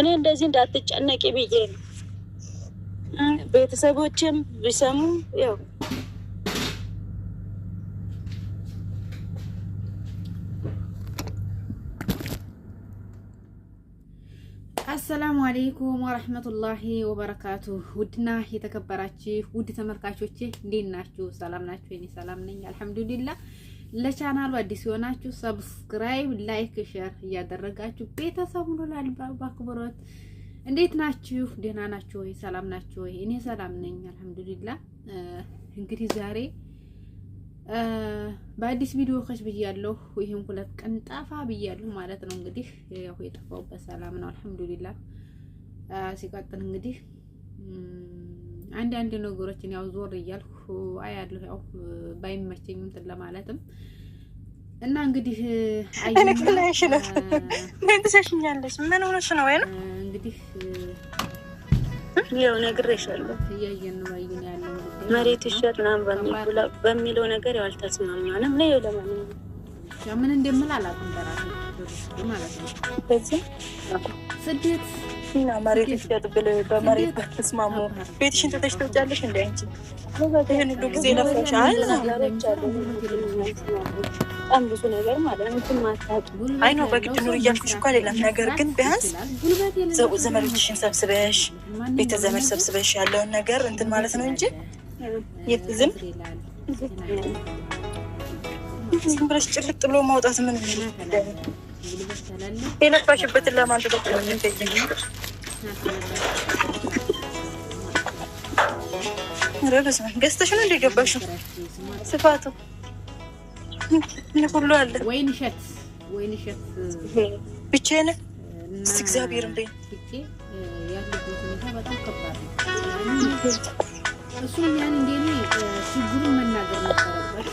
እኔ እንደዚህ እንዳትጨነቂ ብዬ ነው። ቤተሰቦችም ቢሰሙ ያው አሰላሙ አሌይኩም ወረህመቱላሂ ወበረካቱ። ውድና የተከበራችሁ ውድ ተመልካቾቼ እንዴት ናችሁ? ሰላም ናችሁ? እኔ ሰላም ነኝ፣ አልሐምዱሊላህ ለቻናሉ አዲስ የሆናችሁ ሰብስክራይብ፣ ላይክ፣ ሼር እያደረጋችሁ ቤተሰብ ሁሉ በአክብሮት እንዴት ናችሁ? ደህና ናችሁ ወይ? ሰላም ናችሁ ወይ? እኔ ሰላም ነኝ አልሐምዱሊላህ። እንግዲህ ዛሬ በአዲስ ቪዲዮ ከች ብያለሁ። ይህን ሁለት ቀን ጠፋ ብያለሁ ማለት ነው። እንግዲህ ያው የጠፋው ሰላም ነው አልሐምዱሊላህ። ሲቀጥል እንግዲህ አንዳንድ ነገሮችን ያው ዞር እያልኩ አያለሁ። ያው ባይመቸኝም እንትን ለማለትም እና እንግዲህ ትለሽኛለች። ምን ሆነሽ ነው? ወይ እንግዲህ ያው ነግሬሻለሁ። እያየን ነው መሬት በሚለው ነገር ያው አልተስማማንም። ነው ለማንኛውም ምን እንደምል አላውቅም በራሴ ማለት ነው። ስደት እና መሬት ይሸጥ ብል በመሬት በተስማሙ ቤትሽን ትተሽ ትወጫለሽ። እንዴ? አንቺ ይህን ሁሉ ጊዜ ለፍረሽ በጣም ብዙ ነገር ማለት አይ ነው በግድ ኑር እያልኩሽ እኮ አይደለም። ነገር ግን ቢያንስ ዘመዶችሽን ሰብስበሽ ቤተ ዘመድ ሰብስበሽ ያለውን ነገር እንትን ማለት ነው እንጂ ዝም ዝም ብለሽ ጭልጥ ብሎ ማውጣት ምን የለፋሽበትን ለማንጠጠቅ ነው። ገዝተሽ ነው እንደገባሽው ስፋቱ ሁሉ አለ። ወይን እሸት ወይን እሸት ብቻዬን እስኪ እግዚአብሔር በይኝ። እሱም መናገር ነበረበት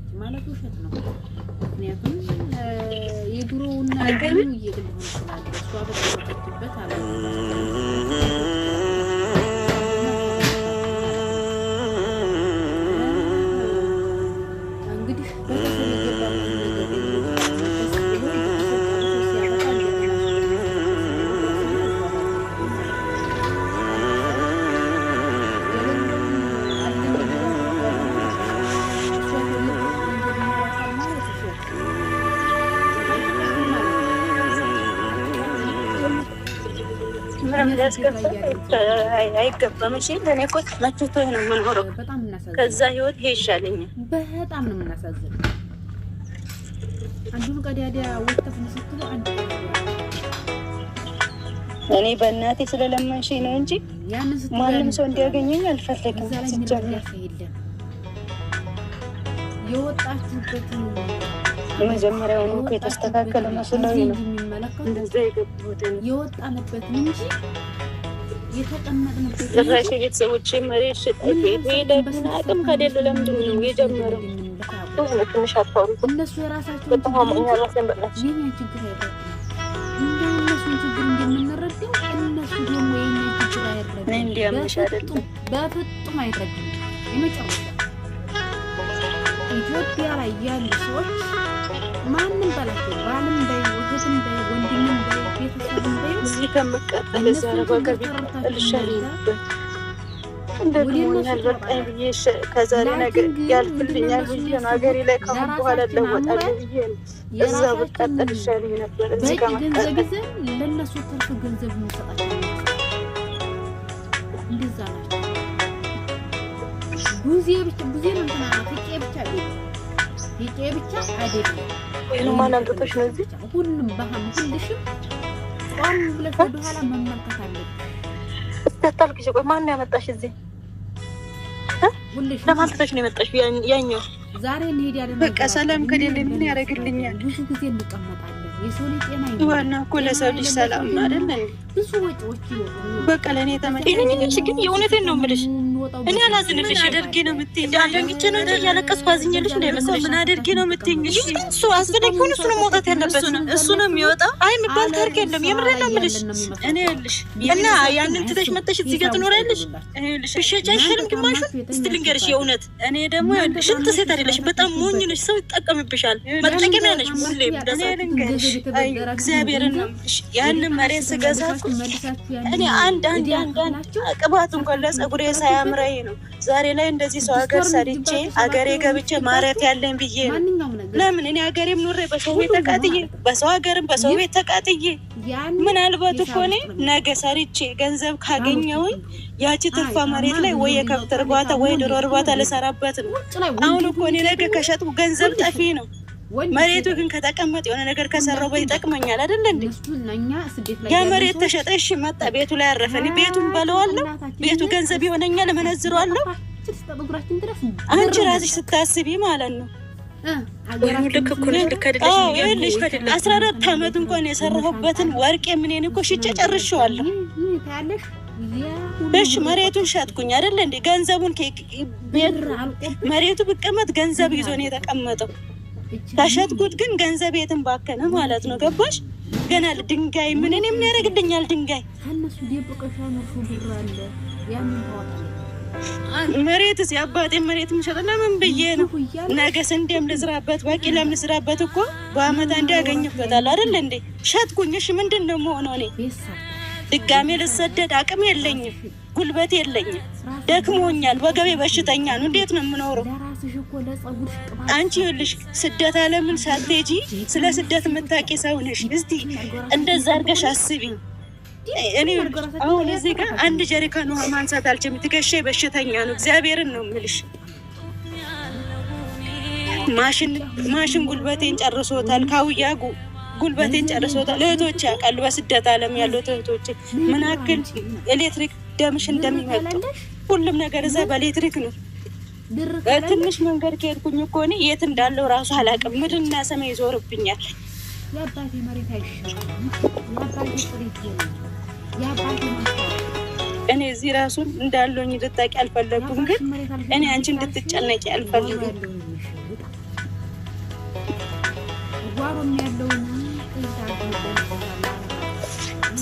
ማለት ውሸት ነው። ምክንያቱም የድሮውና እየግል ሆን ይችላል እሷ አይገባም። እሺ ለኔ እኮ መችቶኝ ነው የምኖረው። ከዛ ህይወት ይሄ ይሻለኛል። በጣም ነው የምናሳዝን። አንዱን ቀዳዳ ወጥተፍ ስትሉ አንዱ እኔ በእናቴ ስለለመንሽኝ ነው እንጂ ማንም ሰው እንዲያገኘኝ አልፈለግም። ሲጀምር የወጣችሁበትን የመጀመሪያውን እኮ የተስተካከለ መስሎኝ ነው እንደዛ የገባሁት። የወጣንበት እንጂ የተቀመጥንበት ጭራሽ ቤተሰቦች መሬት ሄደና አቅም ከሌለ ለምንድን ነው የጀመረው? ትንሽ አፋሩ እነሱ ደግሞ በፍጡም ኢትዮጵያ ላይ ያሉ ሰዎች ማንም በላቸው ባልም በይ ውህትም በይ ወንድምም በይ ቤተሰብም በይ እዚህ ከምቀጠል እዛ አረብ ሀገር ልሸኝበት ከዛሬ ነገር ያልፍልኛል ብዬ ነው ሀገሬ ላይ በኋላ ለወጣለሁ ነው። እዛ እዚህ ትርፍ ገንዘብ ነው እንደዛ ነው እንትና ፍቄ ብቻ ቤት ቢጤ ብቻ አይደለም። ማን አምጥቶሽ ነው እዚህ? ሁሉም ባህም ሁልሽም ቆም ብለሽ ወደ መመልከት አለብሽ። እስቲ ቆይ ማን ነው ያመጣሽ እዚህ? ሁልሽም ለማን አምጥቶሽ ነው የመጣሽ? ያኛው ዛሬ እንሄድ ያለ በቃ ሰላም ከሌለ ምን ያደርግልኛል? ብዙ ጊዜ እንቀመጣለን። የሰው ልጅ ጤና ይሁን ዋና እኮ ለሰው ልጅ ሰላም አይደል? ብዙ ወጪዎች ይወጡ። በቃ ለእኔ ተመ ግን የእውነቴን ነው የምልሽ የምወጣው? እኔ አላዝንልሽ። አደርጌ ነው የምትይኝ? አደንግቼ ነው እንጂ እያለቀስኩ አዝኜልሽ ነው ምን አደርጌ ነው የምትይኝ? እሱ አስፈላጊ ሆኖ እሱ ነው መውጣት ያለበት። እሱ ነው የሚወጣው። አይ የሚባል ታሪክ የለም። የምሬን ነው የምልሽ። እኔ ያልሽ እና ያንን ትተሽ መተሽ እዚህ ጋር ትኖሪያለሽ። ይኸውልሽ አይሻልም ግማሹን? እስቲ ልንገርሽ የእውነት እኔ ደግሞ ሽንት ሴት አይደለሽ፣ በጣም ሞኝ ነሽ። ሰው ይጠቀምብሻል፣ መጠቀሚያ ነሽ። ሁሌም እግዚአብሔርን ነው የምልሽ። ያንን መሬት ስገዛ እኔ አንድ አንድ አንድ ቅባት እንኳን ለፀጉሬ ሳያም ተምረይ ነው ዛሬ ላይ እንደዚህ ሰው ሀገር ሰርቼ ሀገሬ ገብቼ ማረፍ ያለኝ ብዬ ነው። ለምን እኔ ሀገሬም ኑሬ በሰው ቤት ተቃጥዬ በሰው ሀገርም በሰው ቤት ተቃጥዬ ምናልባት እኮ እኔ ነገ ሰርቼ ገንዘብ ካገኘውኝ ያቺ ትርፋ መሬት ላይ ወይ የከብት እርባታ ወይ ዶሮ እርባታ ልሰራበት ነው። አሁን እኮ እኔ ነገ ከሸጥኩ ገንዘብ ጠፊ ነው። መሬቱ ግን ከተቀመጥ የሆነ ነገር ከሰራው በይ ይጠቅመኛል አይደለ እንዴ? ያ መሬት ተሸጠ፣ እሺ መጣ፣ ቤቱ ላይ አረፈ። ቤቱን በለዋለሁ፣ ቤቱ ገንዘብ የሆነኛ እመነዝረዋለሁ። አንቺ ራስሽ ስታስቢ ማለት ነው። ይኸውልሽ አስራ አራት አመት እንኳን የሰራሁበትን ወርቄ ምኔን እኮ ሽጬ ጨርሼዋለሁ። እሺ መሬቱን ሸጥኩኝ አይደለ እንዴ? ገንዘቡን መሬቱ ብቀመጥ ገንዘብ ይዞ ነው የተቀመጠው። ከሸጥኩት ግን ገንዘብ የትን ባከነ ማለት ነው። ገባሽ? ገና ድንጋይ ምን እኔ ምን ያደርግልኛል ድንጋይ መሬትስ የአባጤ መሬት ምሸጥ ለምን ብዬ ነው። ነገ ስንዴም ልዝራበት ባቄላም ልዝራበት እኮ በአመት አንድ ያገኝበታል አይደል እንዴ? ሸጥኩኝ። እሺ ምንድን ነው መሆነው? እኔ ድጋሜ ልሰደድ አቅም የለኝም፣ ጉልበት የለኝም፣ ደክሞኛል፣ ወገቤ በሽተኛ ነው። እንዴት ነው የምኖረው? አንቺ ይኸውልሽ ስደት ዓለምን ሳትሄጂ ስለ ስደት የምታውቂ ሰው ነሽ። እስቲ እንደዛ አድርገሽ አስቢ። እኔ አሁን እዚህ ጋር አንድ ጀሪካን ውሃ ማንሳት አልችልም። ትከሻ በሽተኛ ነው። እግዚአብሔርን ነው የምልሽ። ማሽን ማሽን ጉልበቴን ጨርሶታል። ካውያ ጉልበቴን ጨርሶታል። እህቶች ያውቃሉ፣ በስደት ዓለም ያሉት እህቶች ምን ያክል ኤሌክትሪክ ደምሽ እንደሚመጡ ሁሉም ነገር እዛ በኤሌክትሪክ ነው። ትንሽ መንገድ ከሄድኩኝ እኮ እኔ የት እንዳለው ራሱ አላውቅም። ምድርና ሰማይ ይዞርብኛል። እኔ እዚህ ራሱን እንዳለውኝ ልታቂ አልፈለጉም፣ ግን እኔ አንቺ እንድትጨነቂ አልፈልግም።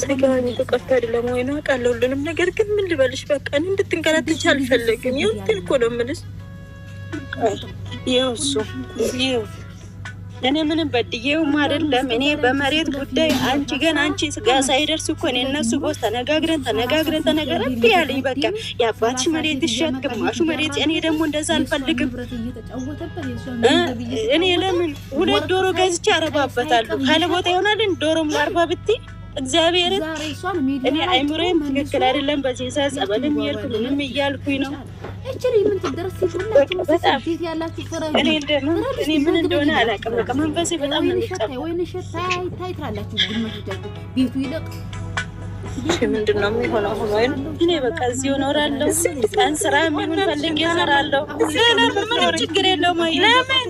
ስጋን የተቆርታ አይደለም ወይ ሁሉንም ነገር ግን ምን ልበልሽ፣ በቃ እኔ እንድትንከራተች አልፈለግም። ይሁን እኮ ነው የምልሽ እሱ እኔ ምንም በድዬውም አይደለም። እኔ በመሬት ጉዳይ አንቺ ግን አንቺ ጋ ሳይደርስ እኮ እኔ እነሱ ጎስ ተነጋግረን ተነጋግረን ተነገረ ያለኝ በቃ የአባትሽ መሬት ይሸጥ ግማሹ መሬት እኔ ደግሞ እንደዛ አልፈልግም። እኔ ለምን ሁለት ዶሮ ገዝቼ አረባበታለሁ ካለ ቦታ ይሆናልን ዶሮም አርባ ብትይ እግዚአብሔርን እኔ አይምሮዬም ትክክል አይደለም። በዚህ ሰዓት ጸበልም እየሄድኩ ምንም እያልኩኝ ነው። እኔ ምን እንደሆነ አላውቅም። በቃ መንፈሴ በጣም ምንድን ነው የሚሆነው? እኔ በቃ እዚሁ እኖራለሁ። ቀን ስራ የሚሆን ፈልጌ እሰራለሁ። ችግር የለውም። ለምን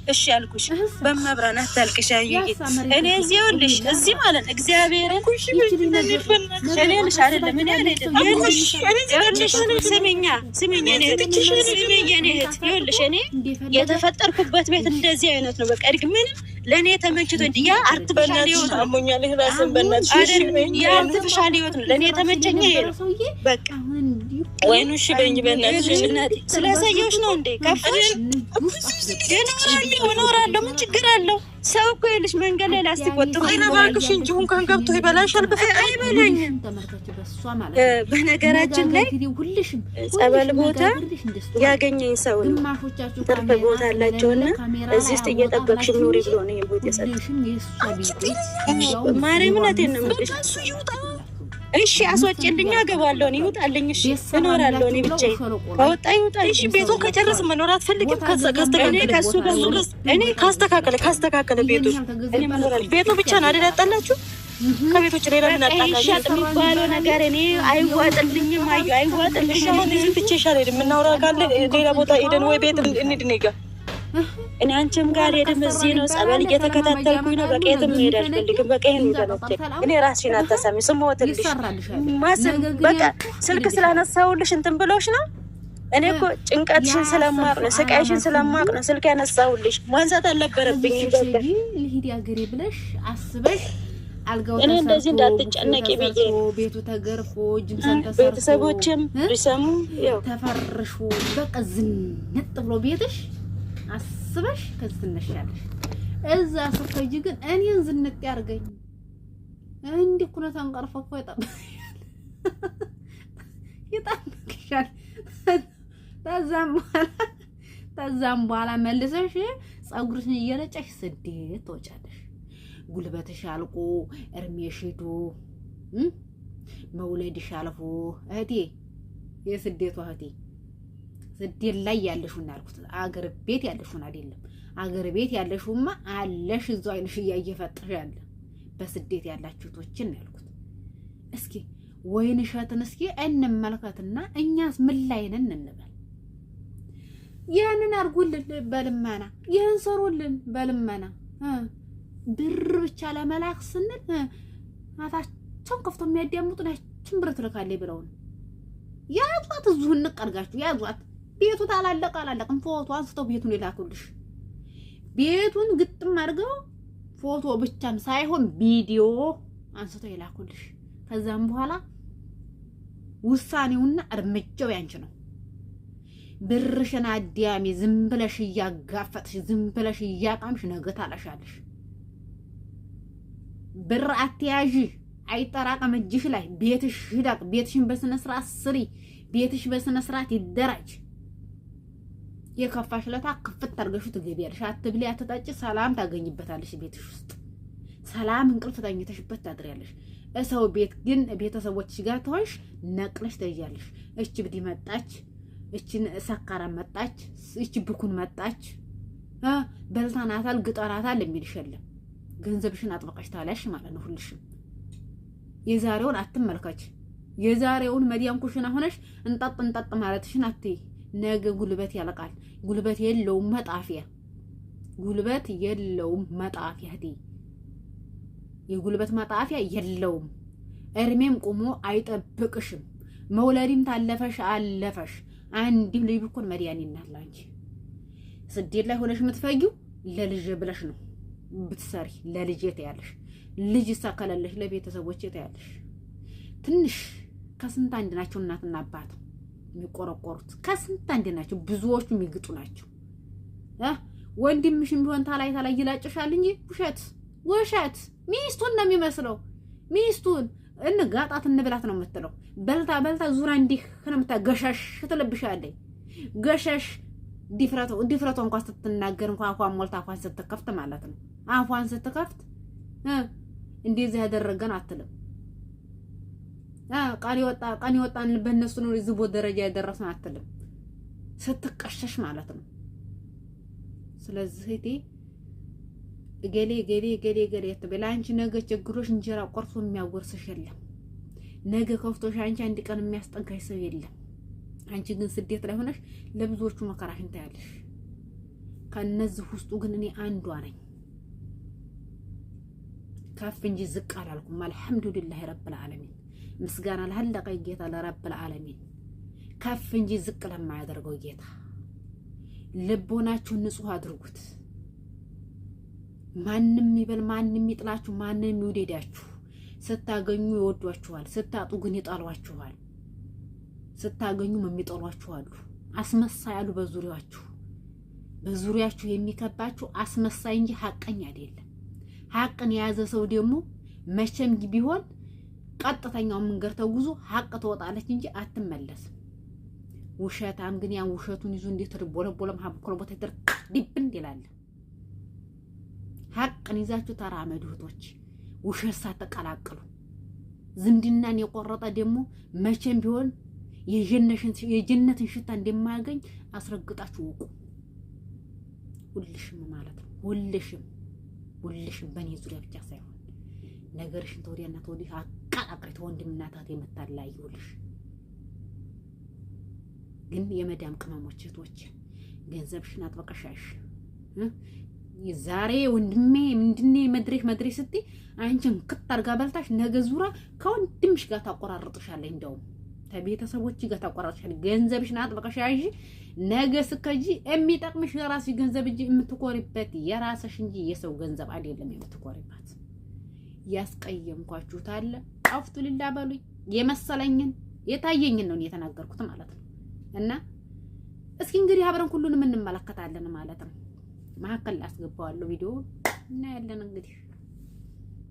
እሺ አልኩሽ። በመብራን አታልቅሽ። አዩዬ እኔ እዚህ ይኸውልሽ፣ እዚህ ማለት እግዚአብሔርን እኔ የተፈጠርኩበት ቤት እንደዚህ አይነት ነው። በቃ እድግ ምንም ለእኔ ተመችቶ አርትፊሻል ህይወት ነው። ህይወት ነው ለእኔ የተመቸኝ ይሄ ነው በቃ ወይኑ እሺ በይኝ በእናትሽ። ስለሰየሁሽ ነው እንዴ ከፍሽ? እኖራለሁ ምን ችግር አለው? ሰው እኮ ይኸውልሽ መንገድ ላይ ላስቲክ ወጥሮ እባክሽ እንጂ እንኳን ገብቶ ይበላሻል። አይበላኝም። በነገራችን ላይ ጸበል ቦታ ያገኘኝ ሰው ነው። ትርፍ ቦታ አላቸውና እዚህ ውስጥ እየጠበቅሽ ኑሪ ብሎ ነው የቦታ የሰጠ ማርያም ናቴ ነው እሺ አስወጪልኝ፣ አገባለሁ፣ ይውጣልኝ። እሺ እኖራለሁ፣ እኔ ብቻዬን ከወጣ ይውጣ። እሺ ቤቱ ከጨረስ መኖር አትፈልግም? እኔ ካስተካከለ ካስተካከለ ቤቱ ቤቱ ብቻ ነው አይደል ያጣላችሁ? ከቤቶች ሌላ ምን አጣላችሁ? ሻጥ የሚባለው ነገር እኔ አይዋጥልኝም። አዩ አይዋጥልኝ። ብቻ ይሻል ሄድ የምናወራ ካለ ሌላ ቦታ ሄደን ወይ ቤት እንሂድ እኔ ጋር እኔ አንቺም ጋር ሄድም እዚህ ነው ጸበል እየተከታተልኩኝ ነው። በቀየትም መሄድ አልፈልግም። በቀይን ይህን እኔ ራሴን አታሳሚ ስሞትልሽ ማስም በቃ ስልክ ስላነሳውልሽ እንትን ብሎሽ ነው። እኔ እኮ ጭንቀትሽን ስለማቅ ነው፣ ስቃይሽን ስለማቅ ነው ስልክ ያነሳውልሽ። ማንሳት አልነበረብኝ። ልሂድ ብለሽ አስበሽ እኔ እንደዚህ እንዳትጨነቂ ብዬ ቤቱ ተገርፎ ቤተሰቦችም ቢሰሙ ተፈርሾ በቃ ዝንጥ ብሎ ቤትሽ አስበሽ ከዚህ ትነሻለሽ። እዛ ስትሄጂ ግን እኔን ዝንቅ ያርገኝ እንዲህ ኩነት አንቀርፎ እኮ ይጠብቅሻል ይጠብቅሻል። ተዛም በኋላ ተዛም በኋላ መልሰሽ ፀጉርሽን እየረጨሽ ስዴ ትወጫለሽ። ጉልበትሽ አልቆ እርሜሽ ሂዶ መውለድሽ አልፎ እህቴ የስደቷ እህቴ ስደት ላይ ያለሽውን አልኩት። አገር ቤት ያለሽውን አይደለም። አገር ቤት ያለሽውማ አለሽ እዛው አይንሽ እያየ ያለ በስደት ያላችሁቶችን ያልኩት። እስኪ ወይን እሸትን እስኪ እንመልከትና እኛስ ምን ላይ ነን እንበል። ያንን አድርጉልን በልመና ይህን ሰሩልን በልመና ብር ብቻ ለመላክ ስንል አፋቸውን ከፍቶ የሚያዳምጡ ናችን ብር ትልካለች ብለውን ያዟት፣ እዚሁ እንቅ አድርጋችሁ ያዟት። ቤቱ ታላለቀ አላለቀም፣ ፎቶ አንስተው ቤቱን ይላኩልሽ። ቤቱን ግጥም አድርገው ፎቶ ብቻም ሳይሆን ቪዲዮ አንስተው ይላኩልሽ። ከዛም በኋላ ውሳኔውና እርምጃው ያንቺ ነው። ብርሽን አዲያሚ ዝም ብለሽ እያጋፈጥሽ ዝም ብለሽ እያቃምሽ ነገ ታለሻለሽ። ብር አትያዢ፣ አይጠራቀም እጅሽ ላይ። ቤትሽ ሂዳቅ ቤትሽን በስነ ስርዓት ስሪ። ቤትሽ በስነ ስርዓት ይደራጅ። የከፋሽ ለታ ክፍት አድርገሽው ትገቢያለሽ። አትብሌ አትጣጭ፣ ሰላም ታገኝበታለሽ። ቤትሽ ውስጥ ሰላም እንቅልፍ ተኝተሽበት ታድሪያለሽ። እሰው ቤት ግን ቤተሰቦች ጋር ተሆንሽ ነቅለሽ ትይዣለሽ። እች ብዲ መጣች፣ እችን ሰካራም መጣች፣ እች ብኩን መጣች፣ በልታናታል፣ ግጠናታል የሚልሽ የለም። ገንዘብሽን አጥበቀሽ ታለሽ ማለት ነው። ሁልሽም የዛሬውን አትመልከች። የዛሬውን መዲያም ኩሽና ሆነሽ እንጠጥ እንጠጥ ማለትሽን አትይ። ነገ ጉልበት ያለቃል። ጉልበት የለውም መጣፊያ፣ ጉልበት የለውም መጣፊያ ዲ የጉልበት መጣፊያ የለውም። እድሜም ቁሞ አይጠብቅሽም። መውለድም ታለፈሽ አለፈሽ። አንድም ልጅ ብኮን መድያኔ እናለ ስደት ላይ ሆነሽ የምትፈጊው ለልጄ ብለሽ ነው ብትሰሪ ለልጄ ትያለሽ። ልጅ ይሳካላለሽ፣ ለቤተሰቦች ትያለሽ። ትንሽ ከስንት አንድ ናቸው እናትና አባት የሚቆረቆሩት ከስንት አንድ ናቸው። ብዙዎቹ የሚግጡ ናቸው። ወንድምሽም ቢሆን ታላይ ታላይ ይላጭሻል እንጂ ውሸት ውሸት። ሚስቱን ነው የሚመስለው። ሚስቱን እንጋጣት እንብላት ነው የምትለው። በልታ በልታ ዙራ እንዲህ ከነምታ ገሸሽ ትለብሻለኝ። ገሸሽ ዲፍረቶ ዲፍረቶ እንኳን ስትናገር እንኳን አፏን ሞልታ አፏን ስትከፍት ማለት ነው። አፏን ስትከፍት እንደዚህ ያደረገን አትልም። ቃል ይወጣ ቃል ይወጣ በእነሱ ነው ዝቦ ደረጃ የደረስን አትልም። ስትቀሸሽ ማለት ነው። ስለዚህ እቴ እገሌ እገሌ እገሌ እገሌ አትበል። አንቺ ነገ ችግሮች እንጀራ ቆርሶ የሚያጎርስሽ የለም። ነገ ከፍቶሽ አንቺ አንድ ቀን የሚያስጠንካሽ ሰው የለም። አንቺ ግን ስደት ላይ ሆነሽ ለብዙዎቹ መከራሽን ታያለሽ። ከእነዚህ ውስጡ ግን እኔ አንዷ ነኝ። ከፍ እንጂ ዝቅ አላልኩም። አልሐምዱሊላህ ረብል ዓለሚን ምስጋና ለሀለቀ ጌታ ለረብ ዓለሚን ከፍ እንጂ ዝቅ ለማያደርገው ጌታ ልቦናችሁ ንጹህ አድርጉት። ማንም ይበል፣ ማንም ይጥላችሁ፣ ማንም ይውደዳችሁ። ስታገኙ ይወዷችኋል፣ ስታጡ ግን ይጠሏችኋል። ስታገኙም የሚጠሏችሁ አሉ። አስመሳይ አሉ በዙሪያችሁ በዙሪያችሁ የሚከባችሁ አስመሳይ እንጂ ሀቀኝ አይደለም። ሀቅን የያዘ ሰው ደግሞ መቼም ቢሆን ቀጥተኛው መንገድ ተጉዞ ሀቅ ትወጣለች እንጂ አትመለስም። ውሸታም ግን ያን ውሸቱን ይዞ እንዴት ተደቦለቦለም ሀብኮል ቦታ ይደር ዲብን ይላል። ሀቅን ይዛችሁ ተራመዱ እህቶች፣ ውሸት ሳትቀላቅሉ። ዝምድናን የቆረጠ ደግሞ መቼም ቢሆን የጀነትን ሽታ እንደማያገኝ አስረግጣችሁ ውቁ። ሁልሽም ማለት ነው። ሁልሽም ሁልሽም በእኔ ዙሪያ ብቻ ሳይሆን ነገርሽን ተወዲያና ተወዲህ ቃል ወንድምና እህት የምታላ ግን የመዳም ቅመሞች እህቶች ገንዘብሽን አጥበቀሻሽ ዛሬ ወንድሜ ምንድኔ መድሬሽ መድሬ ስትይ አንቺን ክት አድርጋ በልታሽ ነገ ዙራ ከወንድምሽ ጋር ታቆራርጥሻለች። እንደውም ከቤተሰቦች ጋር ታቆራርጥሻለች። ገንዘብሽን አጥበቀሽ ነገ ስከጂ የሚጠቅምሽ የራስሽ ገንዘብ እንጂ የምትኮሪበት የራስሽ እንጂ የሰው ገንዘብ አይደለም የምትኮሪባት። ያስቀየምኳችሁት አለ አውፍቱ ሊላ በሉኝ። የመሰለኝን የታየኝን ነው የተናገርኩት ማለት ነው። እና እስኪ እንግዲህ አብረን ሁሉንም እንመለከታለን ማለት ነው። መሀከል ላስገባዋለሁ ቪዲዮ እና ያለን እንግዲህ